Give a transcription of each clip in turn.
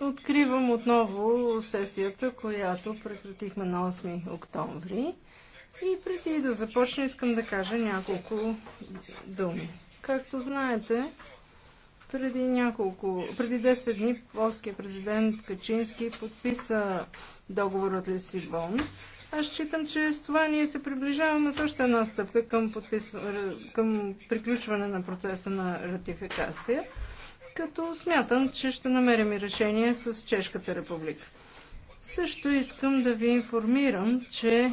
Откривам отново сесията, която прекратихме на 8 октомври. И преди да започна, искам да кажа няколко думи. Както знаете, преди, няколко, преди 10 дни полския президент Качински подписа договор от Лисибон. Аз считам, че с това ние се приближаваме с още една стъпка към, подписва, към приключване на процеса на ратификация като смятам, че ще намерим и решение с Чешката република. Също искам да ви информирам, че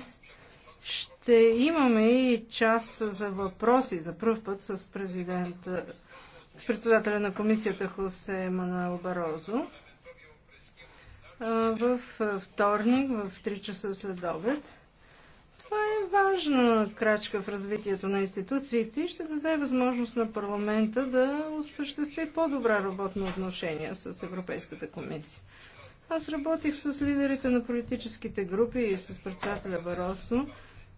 ще имаме и час за въпроси за първ път с президента, с председателя на комисията Хосе Мануел Барозо в вторник в 3 часа след обед. Това е важна крачка в развитието на институциите и ще даде възможност на парламента да осъществи по-добра работна отношение с Европейската комисия. Аз работих с лидерите на политическите групи и с председателя Баросо,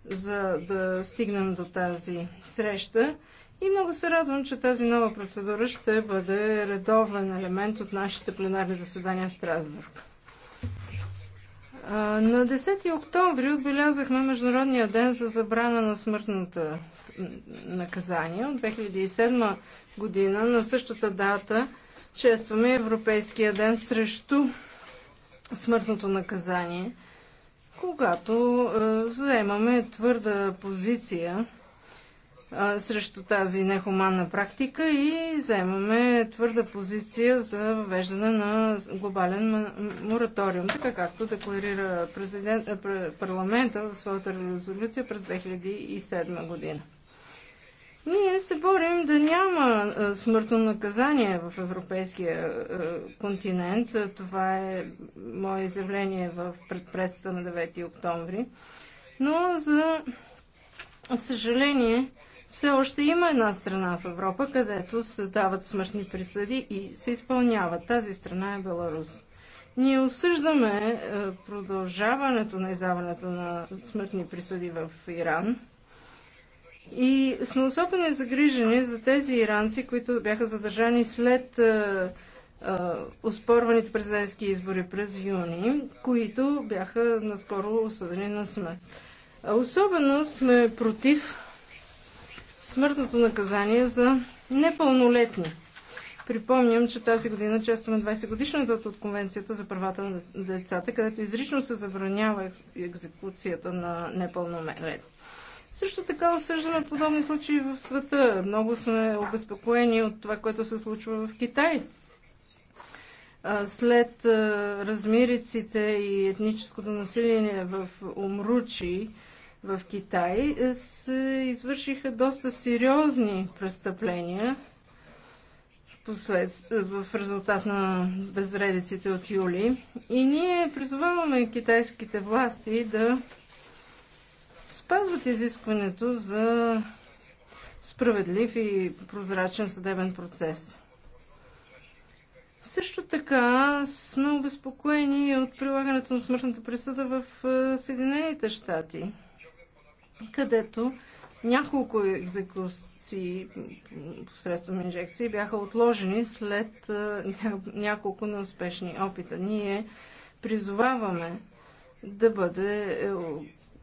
за да стигнем до тази среща. И много се радвам, че тази нова процедура ще бъде редовен елемент от нашите пленарни заседания в Страсбург. На 10 октомври отбелязахме Международния ден за забрана на смъртната наказание. От 2007 година на същата дата честваме Европейския ден срещу смъртното наказание, когато заемаме твърда позиция срещу тази нехуманна практика и заемаме твърда позиция за въвеждане на глобален мораториум, така както декларира президент, парламента в своята резолюция през 2007 година. Ние се борим да няма смъртно наказание в европейския континент. Това е мое изявление в предпресата на 9 октомври. Но за съжаление, все още има една страна в Европа, където се дават смъртни присъди и се изпълняват. Тази страна е Беларус. Ние осъждаме е, продължаването на издаването на смъртни присъди в Иран и сме особено загрижени за тези иранци, които бяха задържани след е, е, оспорваните президентски избори през юни, които бяха наскоро осъдени на смърт. Особено сме против смъртното наказание за непълнолетни. Припомням, че тази година честваме 20 годишната от Конвенцията за правата на децата, където изрично се забранява екзекуцията на непълнолетни. Също така осъждаме подобни случаи в света. Много сме обезпокоени от това, което се случва в Китай. След размириците и етническото насилие в Умручи, в Китай е, се извършиха доста сериозни престъпления в резултат на безредиците от юли. И ние призоваваме китайските власти да спазват изискването за справедлив и прозрачен съдебен процес. Също така сме обезпокоени от прилагането на смъртната присъда в е, Съединените щати където няколко екзекуции посредством инжекции бяха отложени след няколко неуспешни опита. Ние призоваваме да бъде е,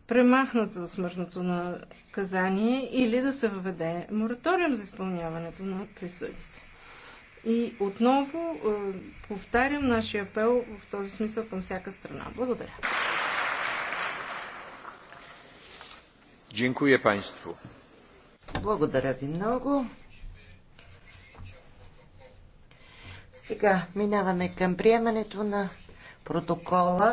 премахнато смъртното наказание или да се въведе мораториум за изпълняването на присъдите. И отново е, повтарям нашия апел в този смисъл към всяка страна. Благодаря. Dziękuję Państwu. Благодаря ви много. Сега минаваме към приемането на протокола